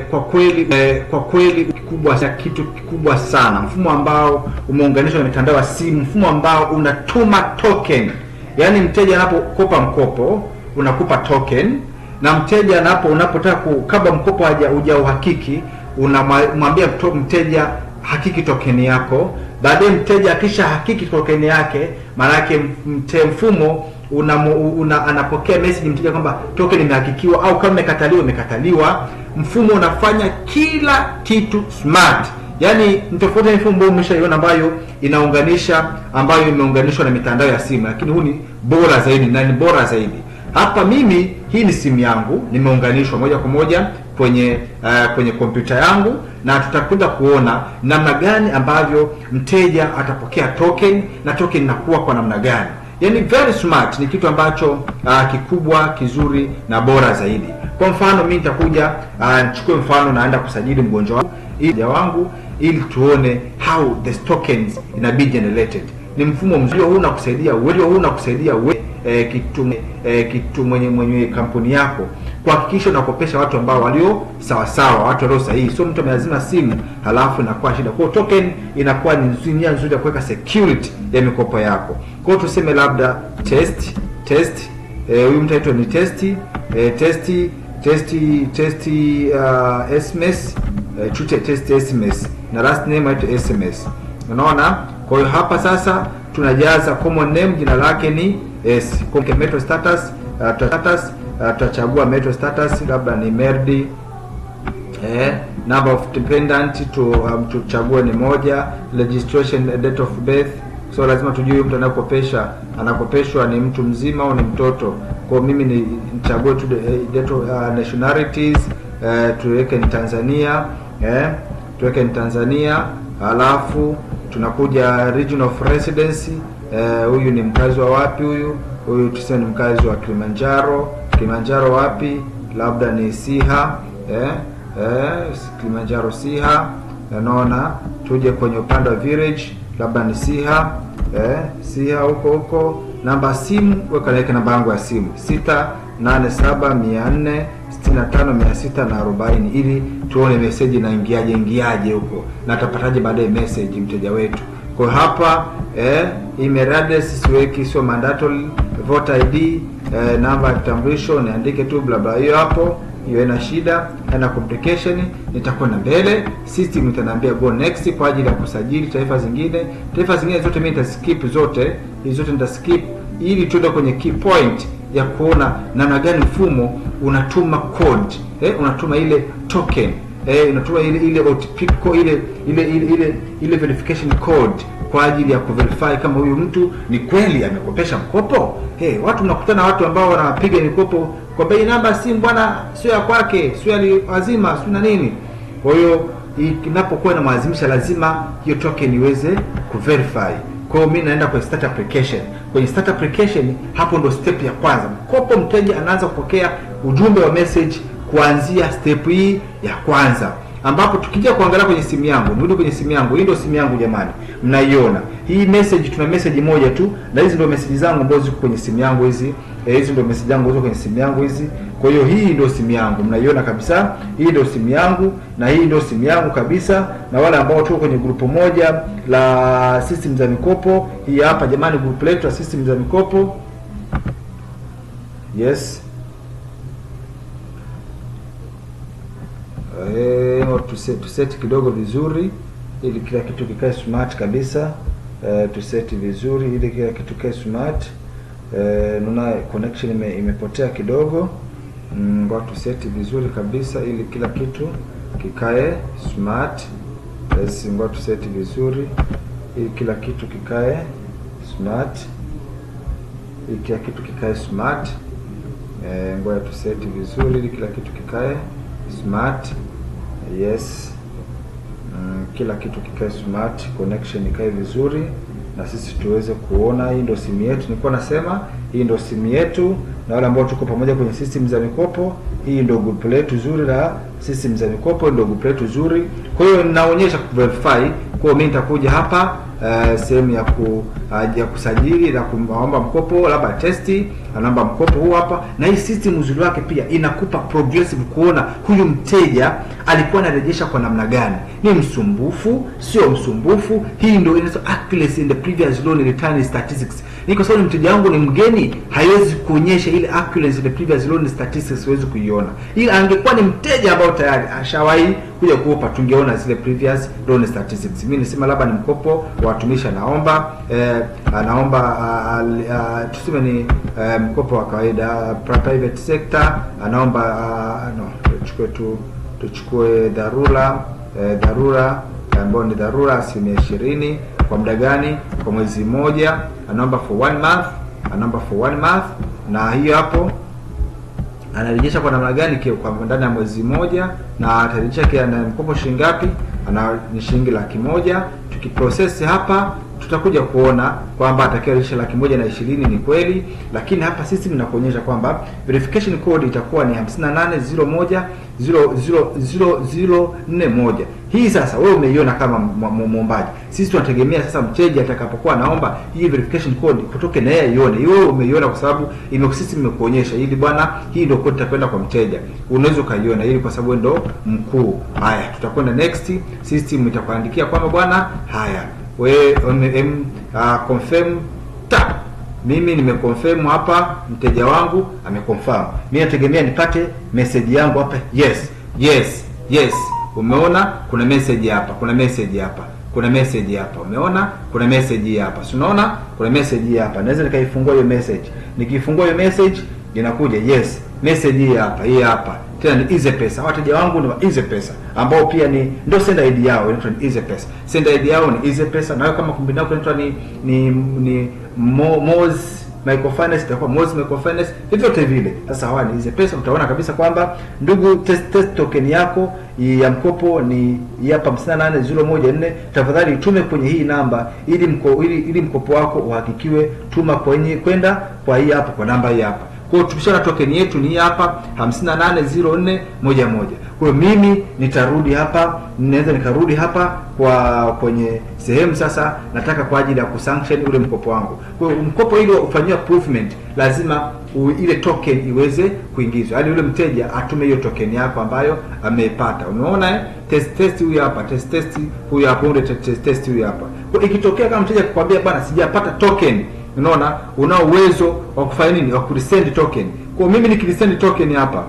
kwa kweli eh, kwa kweli kikubwa cha kitu kikubwa sana, mfumo ambao umeunganishwa na mitandao ya simu, mfumo ambao unatuma token, yaani mteja anapokopa mkopo unakupa token na mteja anapo unapotaka kabla mkopo uhakiki unamwambia mteja hakiki tokeni yako. Baadaye mteja akisha hakiki tokeni yake, maana yake mfumo una, una, anapokea message mteja kwamba token imehakikiwa, au kama imekataliwa imekataliwa mfumo unafanya kila kitu smart yaani ni mfumo ambao umeshaiona ambayo inaunganisha ambayo imeunganishwa na mitandao ya simu lakini huu ni bora zaidi na ni bora zaidi hapa mimi hii ni simu yangu nimeunganishwa moja kwa moja kwenye uh, kwenye kompyuta yangu na tutakwenda kuona namna gani ambavyo mteja atapokea token na token inakuwa kwa namna gani yani very smart ni kitu ambacho uh, kikubwa kizuri na bora zaidi kwa mfano mimi nitakuja ah, nichukue mfano naenda kusajili mgonjwa wangu ili wangu ili tuone how the tokens inabidi generated. Ni mfumo mzuri huu unakusaidia wewe, huu unakusaidia wewe e, eh, kitu e, kitu mwenye mwenye kampuni yako kuhakikisha unakopesha watu ambao walio sawa sawa, watu walio sahihi, So mtu amelazima simu halafu inakuwa shida. Kwa token inakuwa ni njia nzuri ya kuweka security ya mikopo yako. Kwa tuseme labda test test eh, huyu e, mtu aitwa ni test e, test testi testi uh, sms uh, eh, chute test sms na last name haitwa sms unaona kwa hiyo hapa sasa tunajaza common name jina lake ni s kwa metro status uh, status uh, tutachagua metro status labda ni merdi eh, number of dependent to um, tuchague ni moja registration date of birth so lazima tujue mtu anakopesha anakopeshwa ni mtu mzima au ni mtoto kwa mimi ni nichague tu deto eh, uh, ah, nationalities uh, tuweke ni Tanzania eh, tuweke ni Tanzania alafu tunakuja region of residency eh, huyu uh, ni mkazi wa wapi huyu huyu tuse ni mkazi wa Kilimanjaro Kilimanjaro wapi labda ni Siha eh, eh, Kilimanjaro Siha naona tuje kwenye upande wa village labda ni Siha eh, Siha huko huko Namba simu weka like namba yangu ya simu 687465640 ili tuone meseji inaingiaje ingiaje huko na tapataje baadaye meseji mteja wetu. Kwa hapa eh, email address siweki, sio mandatory. vote ID eh, namba ya kitambulisho niandike tu blabla hiyo hapo hiyo na shida, na complication, nitakwenda mbele. System itaniambia go next kwa ajili ya kusajili taarifa zingine. Taarifa zingine zote mimi nitaskip zote hizi zote nita skip ili tuende kwenye key point ya kuona namna gani mfumo unatuma code eh, unatuma ile token eh, unatuma ile ile OTP code, ile ile ile ile ile verification code kwa ajili ya kuverify kama huyu mtu ni kweli amekopesha mkopo. Hey, eh, watu mnakutana watu ambao wanapiga mikopo kwa bei namba si bwana, sio ya kwake, sio aliazima, sio na nini. Kwa hiyo inapokuwa inamlazimisha, lazima hiyo token iweze kuverify. Kwa hiyo mi naenda kwenye start application. Kwenye start application, hapo ndo step ya kwanza. Mkopo mteja anaanza kupokea ujumbe wa message kuanzia step hii ya kwanza, ambapo tukija kuangalia kwenye simu yangu, nirudi kwenye simu yangu. Hii ndio simu yangu jamani, mnaiona hii message. Tuna message moja tu, na hizi ndio message zangu ambazo ziko kwenye simu yangu hizi. Eh, hizi ndio message zangu ziko kwenye simu yangu hizi. Kwa hiyo hii ndio simu yangu, mnaiona kabisa, hii ndio simu yangu na hii ndio simu yangu kabisa. Na wale ambao tuko kwenye grupu moja la system za mikopo, hii hapa jamani, grupu letu la system za mikopo. Yes, eh, tuset tuset kidogo vizuri, ili kila kitu kikae smart kabisa. Uh, eh, tuseti vizuri ili kila kitu kikae smart. Uh, eh, nuna connection ime, imepotea kidogo. Mm, ngoja tuseti vizuri kabisa ili kila kitu kikae smart yes, ngoja tuseti vizuri ili kila kitu kikae smart ili kila kitu kikae smart e, ngoja tuseti vizuri ili kila kitu kikae smart yes mm, kila kitu kikae smart connection ikae vizuri na sisi tuweze kuona hii ndo simu yetu nilikuwa nasema hii ndo simu yetu na wale ambao tuko pamoja kwenye system za mikopo. Hii ndio group letu zuri la system za mikopo, ndio group letu zuri. Kwa hiyo naonyesha verify Kwa hiyo mimi nitakuja hapa uh, sehemu ya ku uh, ya kusajili na kuomba mkopo, labda testi namba mkopo huu hapa, na hii system uzuri wake pia inakupa progressive kuona huyu mteja alikuwa anarejesha kwa namna gani, ni msumbufu, sio msumbufu. Hii ndo inaitwa accuracy in the previous loan return statistics. Ni kwa sababu mteja wangu ni mgeni, haiwezi kuonyesha ile accuracy in the previous loan statistics, huwezi kuiona. Ila angekuwa ni mteja ambao tayari ashawahi kuja kuopa, tungeona zile previous loan statistics. Mimi nisema labda ni mkopo wa watumishi, anaomba eh, anaomba uh, tuseme ni eh, mkopo wa kawaida private sector, anaomba uh, no, chukue tu tuchukue dharura e, dharura ambayo ni dharura asilimia ishirini kwa muda gani? Kwa mwezi mmoja, a number for one month, a for one month. Na hiyo hapo anarejesha kwa namna gani? Kwa ndani ya mwezi mmoja, na atarejesha mkopo shilingi ngapi? ana ni shilingi laki moja. tukiprosesi hapa tutakuja kuona kwamba lisha laki moja na ishirini ni kweli, lakini hapa system inakuonyesha kwamba verification code itakuwa ni 580101004 moja hii sasa wewe umeiona kama muombaji, sisi tunategemea sasa mteja atakapokuwa anaomba hii verification code kutoke na yeye aione. Hiyo wewe umeiona kwa sababu imekusisi imekuonyesha ili bwana, hii ndio code itakwenda kwa mteja. Unaweza kaiona ili kwa sababu ndio mkuu. Haya, tutakwenda next, system itakuandikia kwamba bwana, haya wewe um, uh, ah, confirm ta mimi nimeconfirm hapa, mteja wangu ameconfirm. Mimi nategemea nipate message yangu hapa, yes yes yes Umeona kuna message hapa, kuna message hapa, kuna message hapa. Umeona kuna message hapa, si unaona kuna message hapa. Naweza nikaifungua hiyo message, nikifungua hiyo message inakuja yes, message hii hapa, hii hapa tena ni easy Pesa. Wateja wangu ni easy Pesa ambao pia ni ndio sender ID yao inaitwa ni easy Pesa, sender ID yao ni easy Pesa, na kama kumbini yako inaitwa ni ni, ni mo, Moz Microfinance, itakuwa Moz Microfinance, hivyo vile. Sasa hawa ni Ize Pesa, utaona kabisa kwamba ndugu, test, test token yako ya mkopo ni YAPA 58014 tafadhali tume kwenye hii namba ili mko, ili, ili mkopo wako uhakikiwe. Tuma kwenye kwenda kwa hii hapa kwa namba hii hapa. Kwa hiyo tukishana tokeni yetu ni hii hapa moja kwa hiyo mimi nitarudi hapa, ninaweza nikarudi hapa kwa kwenye sehemu sasa, nataka kwa ajili ya kusanction ule mkopo wangu. Kwa hiyo mkopo ili ufanyiwe improvement lazima u, ile token iweze kuingizwa, yaani yule mteja atume hiyo token yako ambayo ameipata. Umeona eh? Test test huyu hapa, test test huyu hapa, unde test test huyu hapa. Kwa ikitokea kama mteja akikwambia bwana, sijapata token, unaona una uwezo wa kufanya nini, wa kuresend token. Kwa mimi nikiresend token hapa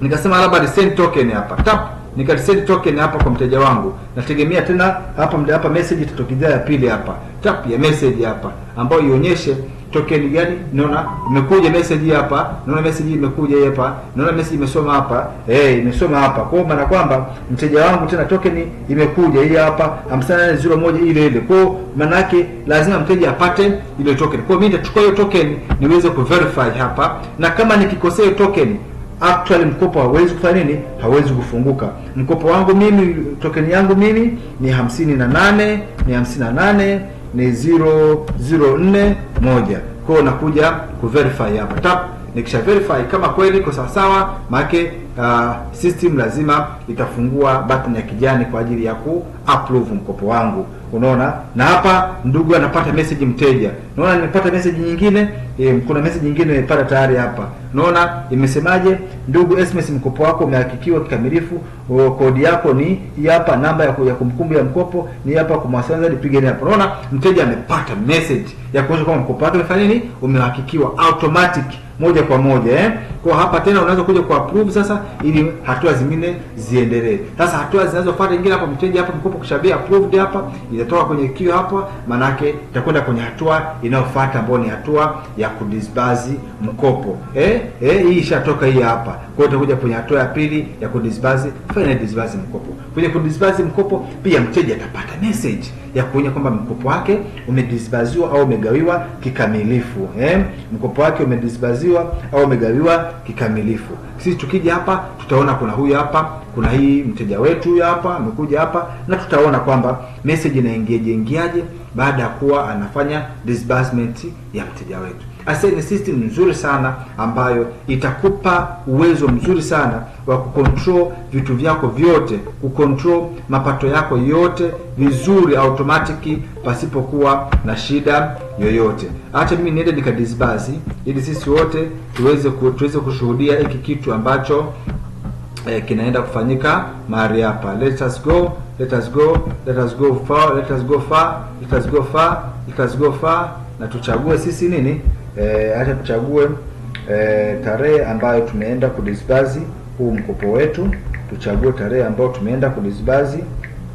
nikasema labda ni send token hapa tap nika send token hapa kwa mteja wangu nategemea tena hapa mda hapa message itatokea ya pili hapa tap ya message hapa ambayo ionyeshe token gani naona imekuja message hapa naona message imekuja hapa naona message imesoma hapa eh hey, imesoma hapa kwa hiyo maana kwamba mteja wangu tena token imekuja hii hapa 5801 ile ile kwa hiyo maana yake lazima mteja apate ile token kwa hiyo mimi nitachukua hiyo token niweze ku verify hapa na kama nikikosea token actually mkopo hawezi kufanya nini, hawezi kufunguka. Mkopo wangu mimi, tokeni yangu mimi ni hamsini na nane ni hamsini na nane ni zero zero nne moja. Kwa nakuja ku verify hapa tap, nikisha verify kama kweli iko sawasawa, make uh, system lazima itafungua button ya kijani kwa ajili ya ku approve mkopo wangu. Unaona, na hapa ndugu anapata message mteja. Unaona, nimepata message nyingine E, kuna message nyingine nimepata tayari hapa. Naona imesemaje? Ndugu sms mkopo wako umehakikiwa kikamilifu. Kodi yako ni hapa, namba ya kumbukumbu ya mkopo ni hapa, mwasanza nipige hapa. Naona mteja amepata message ya kuonyesha kwamba mkopo wake umefanya nini, umehakikiwa automatic moja kwa moja eh. Kwa hapa tena unaweza kuja kwa approve sasa, ili hatua zingine ziendelee. Sasa hatua zinazofuata ingine hapa, mteja hapa mkopo kushabia approved hapa, itatoka kwenye queue hapa, manake itakwenda kwenye hatua inayofuata ambayo ni hatua ya kudisburse mkopo eh, eh, hii ishatoka hii hapa kwa hiyo utakuja kwenye hatua ya pili ya kudisburse final disburse mkopo. Kwenye kudisburse mkopo pia mteja atapata message ya kuonya kwamba mkopo wake umedisbaziwa au umegawiwa kikamilifu. Eh? Mkopo wake umedisbaziwa au umegawiwa kikamilifu. Sisi tukija hapa tutaona kuna huyu hapa, kuna hii mteja wetu huyu hapa amekuja hapa, na tutaona kwamba message inaingiaje baada ya kuwa anafanya disbursement ya mteja wetu. Asa ni system nzuri sana ambayo itakupa uwezo mzuri sana wa kucontrol vitu vyako vyote, kucontrol mapato yako yote vizuri automatic pasipokuwa na shida yoyote. Acha mimi niende nikadisbasi, ili sisi wote tuweze ku, tuweze kushuhudia hiki kitu ambacho eh, kinaenda kufanyika mahali hapa. Let us go, let us go, let us go far, let us go far, let us go far, let us go far, na tuchague sisi nini eh, acha tuchague eh, tarehe ambayo tunaenda kudisbasi huu mkopo wetu, tuchague tarehe ambayo tumeenda kudisbasi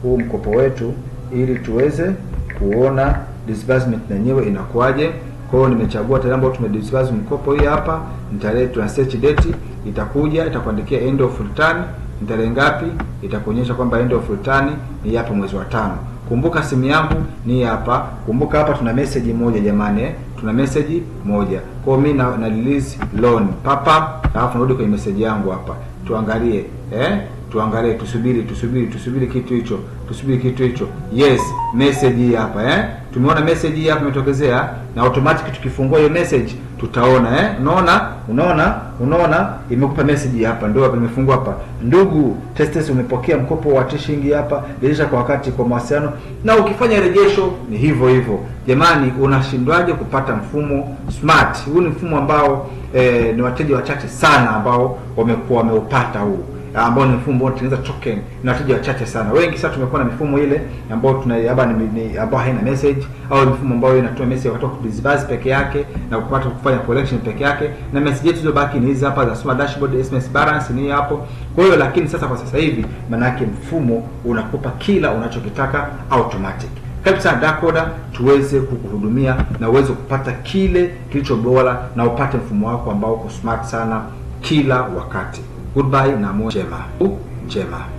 huu mkopo wetu ili tuweze kuona disbursement yenyewe inakuwaje. Kwa hiyo nimechagua tarehe ambayo tumedisburse mkopo hii hapa, nitarehe tuna search date, itakuja itakuandikia end of return ni tarehe ngapi, itakuonyesha kwamba end of return ni yapi mwezi wa tano. Kumbuka simu yangu ni hapa, kumbuka hapa tuna message moja jamani, eh, tuna message moja. Kwa hiyo mimi na, na release loan papa, alafu narudi kwenye message yangu hapa, tuangalie eh tuangalie, tusubiri, tusubiri, tusubiri kitu hicho, tusubiri kitu hicho. Yes, message hii hapa eh, tumeona message hii hapa imetokezea, na automatic tukifungua hiyo message tutaona eh, unaona, unaona, unaona, imekupa message hapa, ndio hapa imefungua hapa. Ndugu Testes, umepokea mkopo wa tishingi hapa, lilisha kwa wakati kwa mawasiliano, na ukifanya rejesho ni hivyo hivyo. Jamani, unashindwaje kupata mfumo smart huu? Ni mfumo ambao eh, ni wateja wachache sana ambao wamekuwa wameupata huu ambao ni mfumo ambao tunaweza token na wateja wachache sana. Wengi sasa tumekuwa na mifumo ile ambayo tuna labda ni ambayo haina message au mifumo ambayo inatoa message wakati wa kudisperse peke yake na kupata kufanya collection peke yake, na message yetu baki ni hizi hapa za Suma dashboard, SMS balance ni hapo. Kwa hiyo lakini sasa kwa sasa hivi maana yake mfumo unakupa kila unachokitaka automatic. Karibu sana Dakoda tuweze kukuhudumia na uweze kupata kile kilicho bora na upate mfumo wako ambao uko smart sana kila wakati. Goodbye Namo Jema. Oh, Jema.